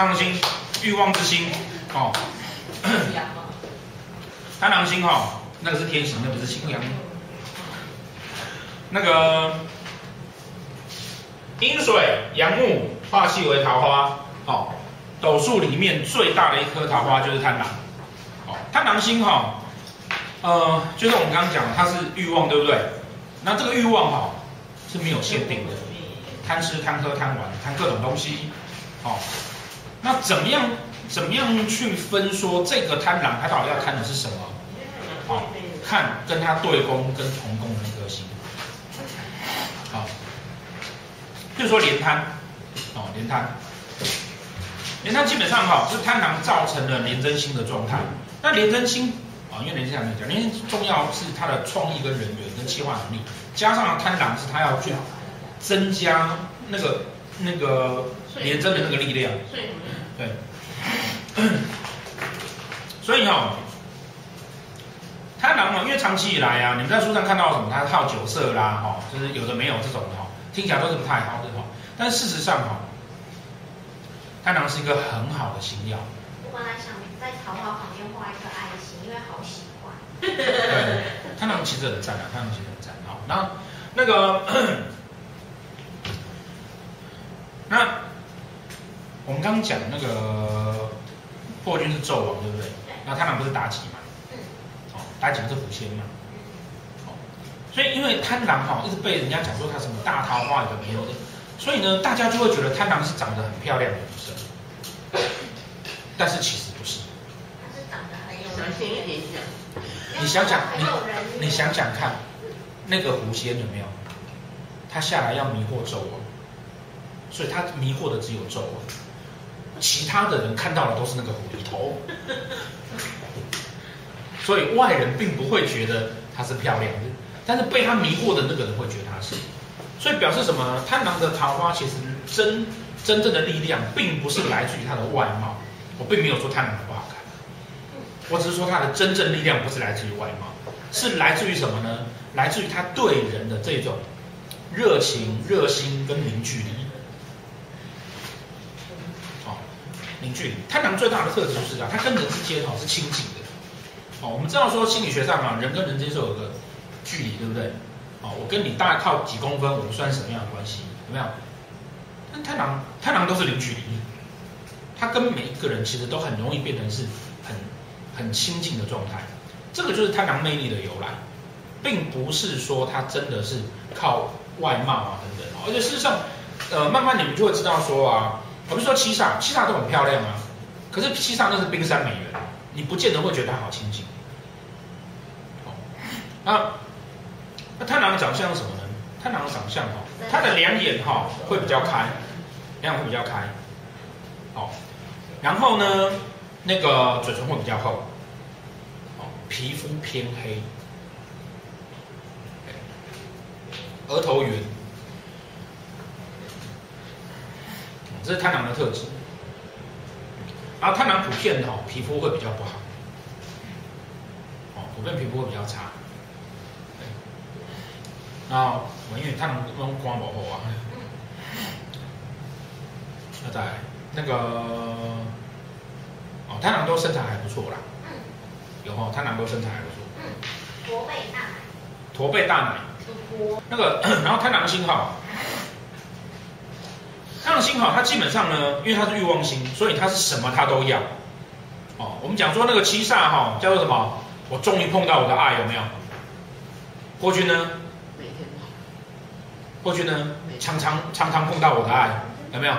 貪狼星，慾望之星，哦，陽嘛，貪狼星哈、哦，那個是天行，那不是新娘。那個是星羊、那個、陰水陽木化氣為桃花，哦，斗數裡面最大的一顆桃花就是貪狼，哦，貪狼星哈、哦，呃，就是我們剛剛講，它是慾望，對不對？那這個慾望哈、哦、是沒有限定的，貪吃、貪喝、貪玩、貪各種東西，哦。那怎麼樣？怎麼樣去分說這個貪狼，他到底要貪的是什麼？哦、看跟他對宮跟同宮的個星。好、哦，就說廉貪，哦，廉貪，廉貪基本上哈、哦，是貪狼造成了廉貞星的狀態。那、嗯、廉貞星啊、哦，因為廉貞星講，廉貞星重要是他的創意跟人員跟計劃能力，加上貪狼是他要去增加那個。那個廉貞的那個力量，所以對， 所以哈、哦，貪狼嘛，因為長期以來啊，你們在書上看到什麼？他是好酒色啦，哈、哦，就是有的沒有這種哈，聽起來都是不太好這種，但事實上哈，貪狼是一個很好的星曜。我本來想在桃花旁邊畫一顆愛心，因為好喜歡。 對，貪狼其實很讚啊，貪狼其實很讚啊，那那個。我們剛剛講那個破軍是紂王，對不對？那貪狼不是妲己嘛？哦，妲己不是狐仙嘛？哦，所以因為貪狼哈一直被人家講說他什麼大桃花有沒有的，所以呢大家就會覺得貪狼是長得很漂亮的女生，但是其實不是。是長得很有人性一點點。你想想你，你想想看，那個狐仙有沒有？他下來要迷惑紂王，所以他迷惑的只有紂王。其他的人看到的都是那個狐狸頭，所以外人並不會覺得她是漂亮的，但是被她迷惑的那個人會覺得她是。所以表示什麼呢？貪狼的桃花其實真真正的力量，並不是來自於她的外貌。我並沒有說貪狼不好看，我只是說她的真正力量不是來自於外貌，是來自於什麼呢？來自於他對人的這種熱情、熱心跟凝聚力。零距離，貪狼最大的特質就是、啊、它他跟人之間、哦、是親近的、哦，我們知道說心理學上啊，人跟人之間是有個距離，對不對？哦，我跟你大概靠幾公分，我們算什麼樣的關係？有沒有？但貪狼，貪狼都是零距離，他跟每一個人其實都很容易變成是很很親近的狀態，這個就是貪狼魅力的由來，並不是說他真的是靠外貌啊等等，而且事實上，呃，慢慢你們就會知道說啊。我們說七煞，七煞都很漂亮啊，可是七煞那是冰山美人，你不見得會覺得她好親近。好、哦，那那貪狼的長相是什麼呢？貪狼的長相哦，他的兩眼哈會比較開，兩眼會比較開，好、哦，然後呢，那個嘴唇會比較厚，好、哦，皮膚偏黑，額頭圓。這是貪狼的特質，然後貪狼普遍吼、哦、皮膚會比較不好，哦，普遍皮膚會比較差，然後我因為貪狼用光保護啊，那再來那個哦，貪狼都身材還不錯啦，有哦，貪狼都身材還不錯、嗯，駝背大奶，駝背大奶，大那個，然後貪狼星哈。的星哈、哦，他基本上呢，因為他是欲望星，所以他是什麼他都要。哦，我們講說那個七煞哈、哦，叫做什麼？我終於碰到我的愛有沒有？過去呢？每天。過去呢？常常常常碰到我的愛有沒有？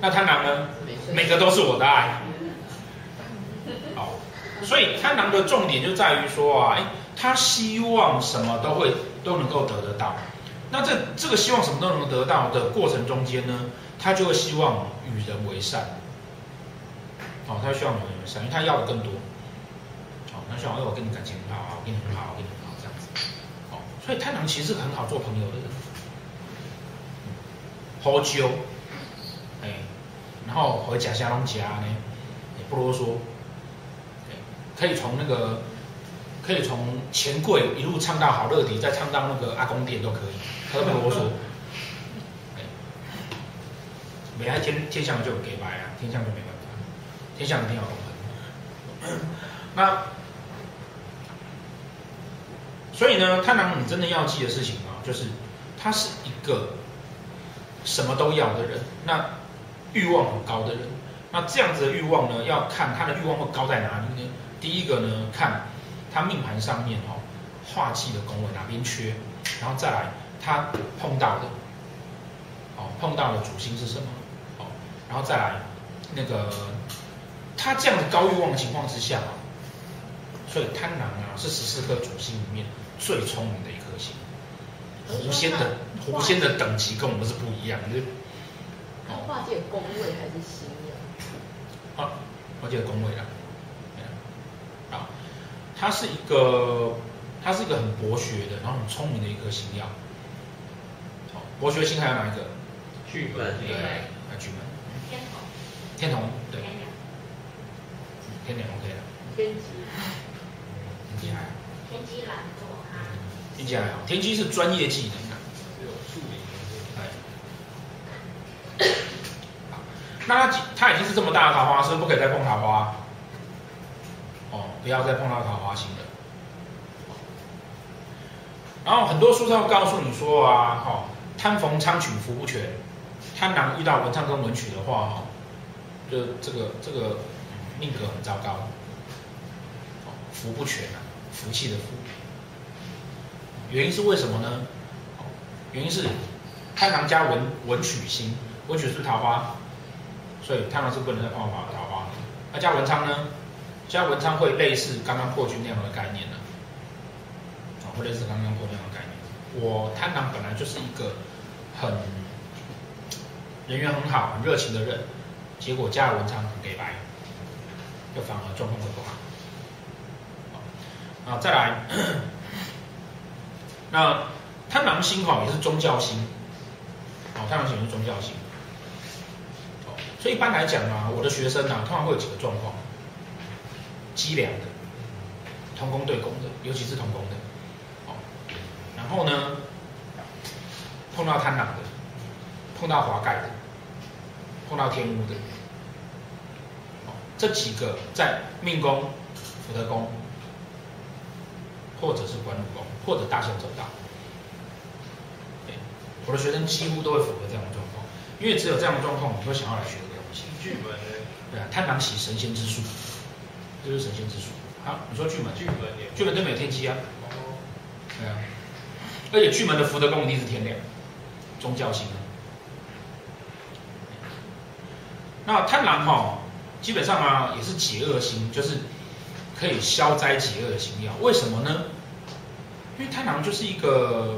那貪狼呢？每個都是我的愛。好，所以貪狼的重點就在於說啊，哎，他希望什麼都會都能夠得得到。那這這個希望什麼都能得到的過程中間呢，他就會希望與人為善，哦，他希望與人為善，因為他要的更多，哦，他希望我跟你感情很好，我跟你很好，我跟你很好這樣子，哦，所以貪狼其實很好做朋友的，喝、嗯、酒，哎，然後和賈家龍家呢也不囉嗦，對，可以從那個可以從錢櫃一路唱到好樂迪，再唱到那個阿公店都可以。他都不跟我說，哎，沒來天天相就給白啊，天相就沒辦法，天相一定要工文，那所以呢，貪狼你真的要記的事情啊，就是他是一個什麼都要的人，那慾望很高的人，那這樣子的慾望呢，要看他的慾望會高在哪裡呢？第一個呢，看他命盤上面哈、哦，化忌的宮位哪邊缺，然後再來。他碰到的，哦，碰到的主星是什麼？哦，然後再來，那個他這樣的高慾望的情況之下，所以貪狼啊，是十四顆主星裡面最聰明的一顆星。狐仙的狐仙的等級跟我們是不一樣的，就是。哦，化解宮位還是星曜？化化解宮位啊。啊，它是一個它是一個很博學的，然後很聰明的一顆星曜。博學星還有哪一個？巨門。對，雞還有巨門。天同。天同對。天鳥。天鳥 OK 的。天機。很厲害。天機懶惰哈。聽起來好，天機是專業技能啊。有處理能力。哎。那他他已經是這麼大的桃花，是不是不可以再碰桃花？哦，不要再碰到桃花星了。然後很多書上會告訴你說啊，哈、哦。貪逢昌曲福不全，貪狼遇到文昌跟文曲的話，就這個這個命格很糟糕。福不全啊，福氣的福。原因是為什麼呢？原因是貪狼加文文曲星，文曲是桃花，所以貪狼是不能再爆發桃花。那加文昌呢？加文昌會類似剛剛破軍那樣的概念啊，會類似剛剛破軍那樣的概念。我貪狼本來就是一個很人緣很好、很熱情的人，結果加了文昌很給白，就反而狀況會不好。好，再來， 那貪狼星吼也是宗教星，哦，貪狼星也是宗教星。好，所以一般來講啊，我的學生啊，通常會有幾個狀況：積糧的、同工對工的，尤其是同工的。然後呢，碰到貪狼的，碰到華蓋的，碰到天巫的、哦，這幾個在命宮、福德宮，或者是官祿宮，或者大限走到，我的學生幾乎都會符合這樣的狀況，因為只有這樣的狀況，我會想要來學這個東西。巨門對啊，貪狼喜神仙之術，這、就是神仙之術。好，你說巨門，巨門也，巨門都沒有天機啊。哦、對啊。而且巨門的福德宮一定是天梁，宗教性的。那貪狼哈，基本上啊也是解厄星，就是可以消災解厄的星曜，為什麼呢？因為貪狼就是一個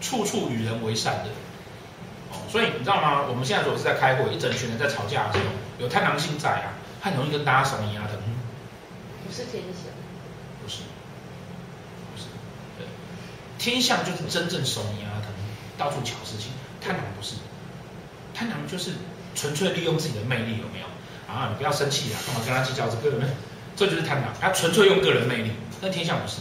處處與人為善的，所以你知道嗎？我們現在如果是在開會，一整群人在吵架的時候，有貪狼星在啊，很容易跟大家手一癢的。嗯、不是天象。天相就是真正慫你啊，他們到處瞧事情，貪狼不是，貪狼就是純粹利用自己的魅力，有沒有？啊，你不要生氣啊，幹嘛跟他計較這個？有沒有？這就是貪狼，他純粹用個人魅力。那天相不是，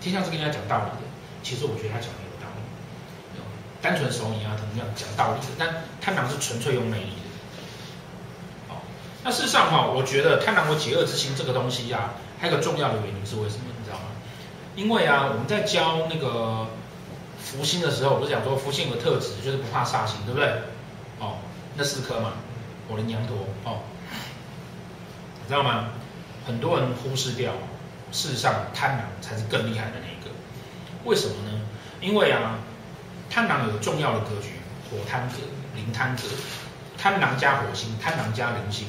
天相是跟人家講道理的。其實我覺得他講的有道理，有沒有，單純慫你啊，他們這樣講道理的。但貪狼是純粹用魅力的。哦，那事實上哈、啊，我覺得貪狼和邪惡之心這個東西呀、啊，還有個重要的原因是為什麼？因為啊，我們在教那個福星的時候，我就想講說福星有個特質，就是不怕煞星，對不對？哦，那四顆嘛，火鈴羊陀哦，你知道嗎？很多人忽視掉，事實上貪狼才是更厲害的那一個。為什麼呢？因為啊，貪狼有個重要的格局，火貪格、鈴貪格，貪狼加火星，貪狼加鈴星，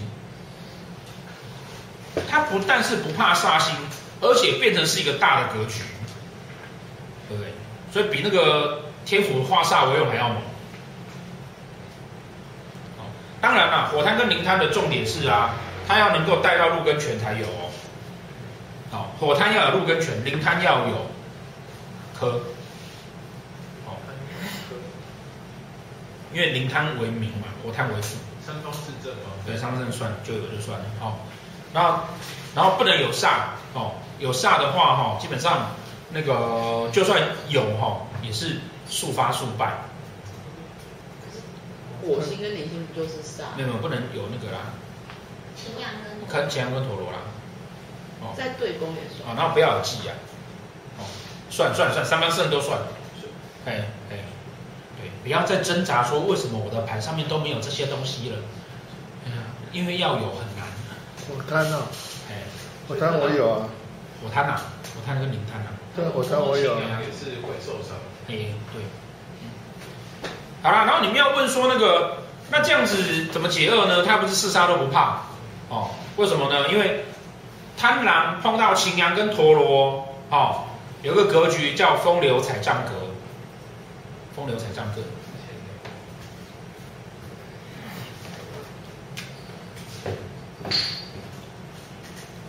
他不但是不怕煞星。而且變成是一個大的格局，對不對？所以比那個天府的化煞為用還要猛。哦、當然啦、啊，火貪跟鈴貪的重點是啊，它要能夠帶到祿跟權才有哦。好，火貪要有祿跟權，鈴貪要有科。哦，因為鈴貪為名嘛，火貪為身。三方四正哦。對，生正算就有就算了。哦，然後然後不能有煞哦。有煞的話，哈，基本上，那個就算有，哈，也是速發速敗。火星跟鈴星不就是煞？那個不能有那個啦。擎羊跟、那個。擎羊跟陀羅啦。哦，在對宮也算。哦，那不要忌啊。哦，算算算，三方四正都算了。是，哎哎，對，不要再掙扎說為什麼我的盤上面都沒有這些東西了。因為要有很難。我看到、啊，哎嘿，我看，我有啊。我貪啊，我貪跟鈴貪啊，這我火貪我有，也是鬼受傷。哎，對。好了，然後你們要問說那個，那這樣子怎麼解厄呢？他不是四煞都不怕哦？為什麼呢？因為貪狼碰到擎羊跟陀羅，哦，有個格局叫風流彩杖格，風流彩杖格，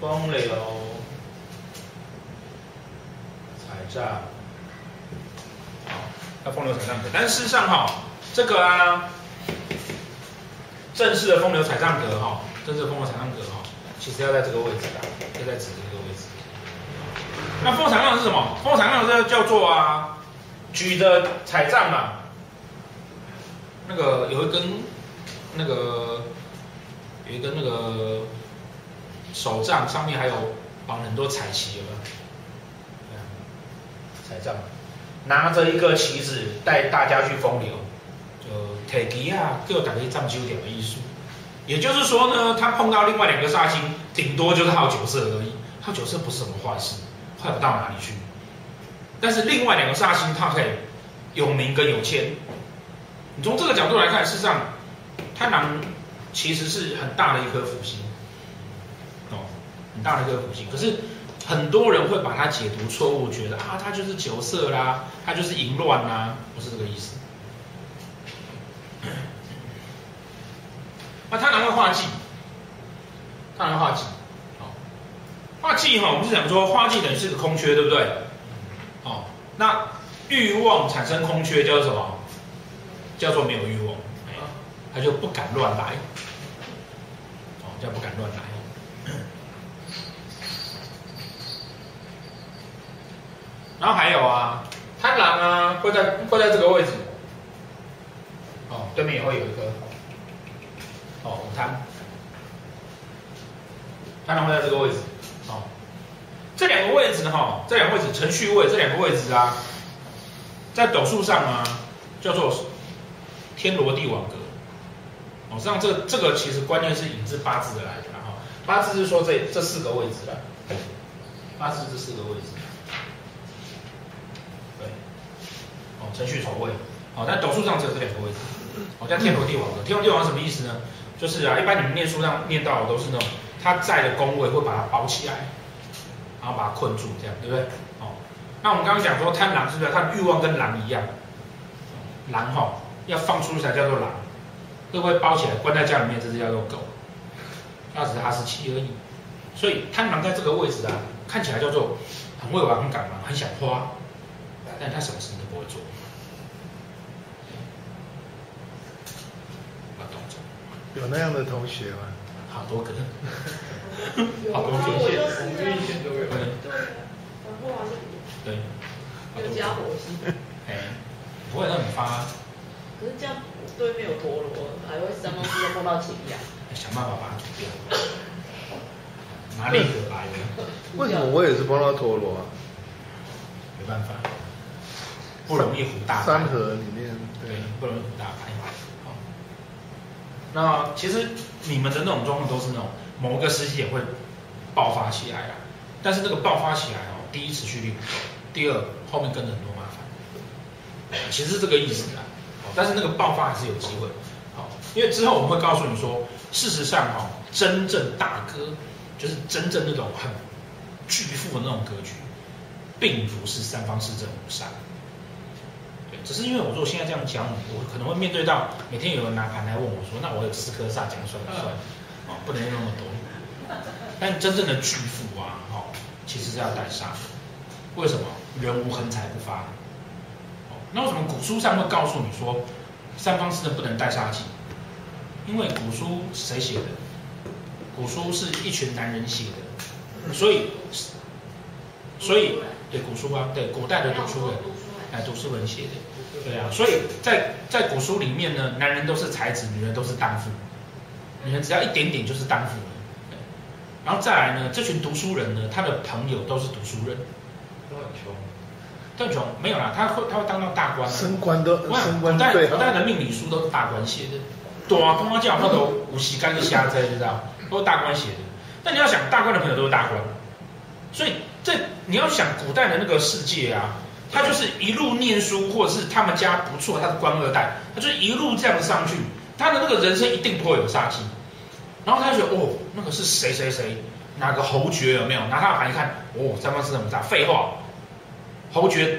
風流。是啊，那風流彩杖格。但事實上哈、哦，這個啊，正式的風流彩杖格哈、哦，正式的風流彩杖格哈、哦，其實要在這個位置的、啊，要在指的這個位置。那風流彩杖格是什麼？風流彩杖格是叫做啊，舉着彩杖嘛，那個有一根，那個有一根那個手杖，上面還有綁很多彩旗的。有沒有彩仗，拿着一個旗子帶大家去風流，就鐵旗啊，各打於這麼古典的藝術。也就是說呢，他碰到另外兩個煞星，頂多就是好酒色而已，好酒色不是什麼壞事，壞不到哪裡去。但是另外兩個煞星，他可以有名跟有錢。你從這個角度來看，事實上，貪狼其實是很大的一顆福星，哦，很大的一顆福星。可是。很多人會把它解讀錯誤，覺得啊，它就是酒色啦，它就是淫亂啦、啊，不是這個意思。那他哪會化忌？他哪會化忌？好、哦，化忌哈、哦，我們是講說化忌等於是個空缺，對不對？好、哦，那欲望產生空缺叫做什麼？叫做沒有欲望，他就不敢亂來。哦，叫不敢亂來。然後還有啊，貪狼啊，會在會在這個位置。哦，對面也會有一顆。哦，我貪，貪狼會在這個位置。哦，這兩個位置呢，哈、哦，這兩個位置辰戌位，這兩個位置啊，在斗數上啊，叫做天羅地網格。哦，實際上這個、這個其實關鍵是引致八字的來看哈，八字是說這這四個位置的，八字這四個位置。辰戌丑未，好、哦，但斗數上只有這兩個位置，好、哦，叫天羅地網的、嗯、天羅地網什麼意思呢？就是啊，一般你們念書上念到的都是那種他在的宮位會把它包起來，然後把它困住，這樣對不對？哦，那我們剛剛講說貪狼是不是、啊？他的欲望跟狼一樣，狼吼、哦、要放出去才叫做狼，會不會包起來關在家裡面，這只叫做狗，那只是哈士奇而已。所以貪狼在這個位置啊，看起來叫做很會玩、很敢玩、很想花，但他什麼事情都不會做。有那樣的同學嗎？好多個，好多缺陷，紅綠線都有。對，然後對，就加火星。哎，不會讓你發。可是這樣對面有陀羅，還會三方四正都碰到擎羊，想辦法把它除掉。哪裡得來源？為什麼我也是碰到陀羅啊？沒辦法，不容易糊大，三合裡面，對，不容易糊大牌。那其實你們的那種狀況都是那種某一個時期也會爆發起來啊，但是那個爆發起來哦，第一持續力不夠，第二後面跟着很多麻煩，其實是這個意思啦、啊。但是那個爆發還是有機會，好、哦，因為之後我們會告訴你說，事實上哈、哦，真正大哥就是真正那種很巨富的那種格局，並不是三方四正無煞。只是因為，我如果現在這樣講，我可能會面對到每天有人拿盤來問我說：“那我有四顆煞獎算不算？哦，不能用那麼多。”但真正的巨富啊，哦，其實是要帶煞。為什麼？人無橫財不發。哦，那為什麼古書上會告訴你說三方四正不能帶煞子？因為古書是誰寫的？古書是一群男人寫的，所以，所以對古書啊，對古代的古書讀書人，哎，讀書人寫的。對啊，所以在在古書裡面呢，男人都是才子，女人都是蕩婦，女人只要一點點就是蕩婦。然後再來呢，這群讀書人呢，他的朋友都是讀書人，都很窮，都很窮，沒有啦，他會他會，他會當到大官啊，升官的，想的古代古代的命理書都是大官寫的，對啊吧，呱呱叫，或者五七干是瞎在，知道都是大官寫的。但你要想，大官的朋友都是大官，所以這你要想古代的那個世界啊。他就是一路念書，或者是他們家不錯，他是官二代，他就是一路這樣上去，他的那個人生一定不會有煞氣。然後他就覺得，哦，那個是誰誰誰，哪個侯爵有沒有？拿他的牌一看，哦，三八是那麼大廢話，侯爵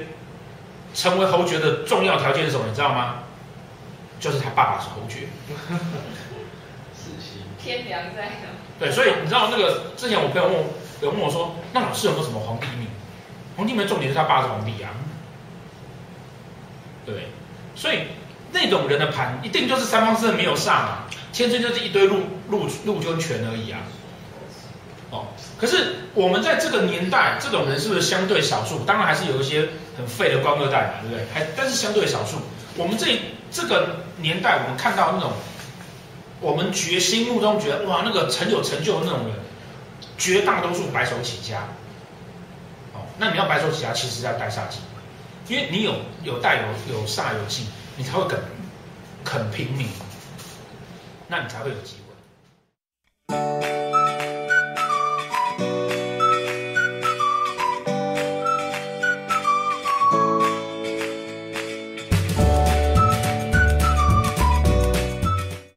成為侯爵的重要條件是什麼？你知道嗎？就是他爸爸是侯爵。世 襲天良在。對，所以你知道那個之前我朋友問我，有問我說，那老師有沒有什麼皇帝命？皇帝門重點是他爸是皇帝啊，對，所以那種人的盤一定就是三方四正沒有上啊，天生就是一堆祿祿祿權而已啊。哦，可是我們在這個年代，這種人是不是相對少數？當然還是有一些很廢的官二代嘛，對不對？還但是相對少數。我們這這個年代，我們看到那種我們覺心目中覺得哇，那個成有成就的那種人，絕大多數白手起家。那你要白手起家，其實是要帶煞氣。因為你有有帶有有煞有氣，你才會肯肯拼命，那你才會有機會。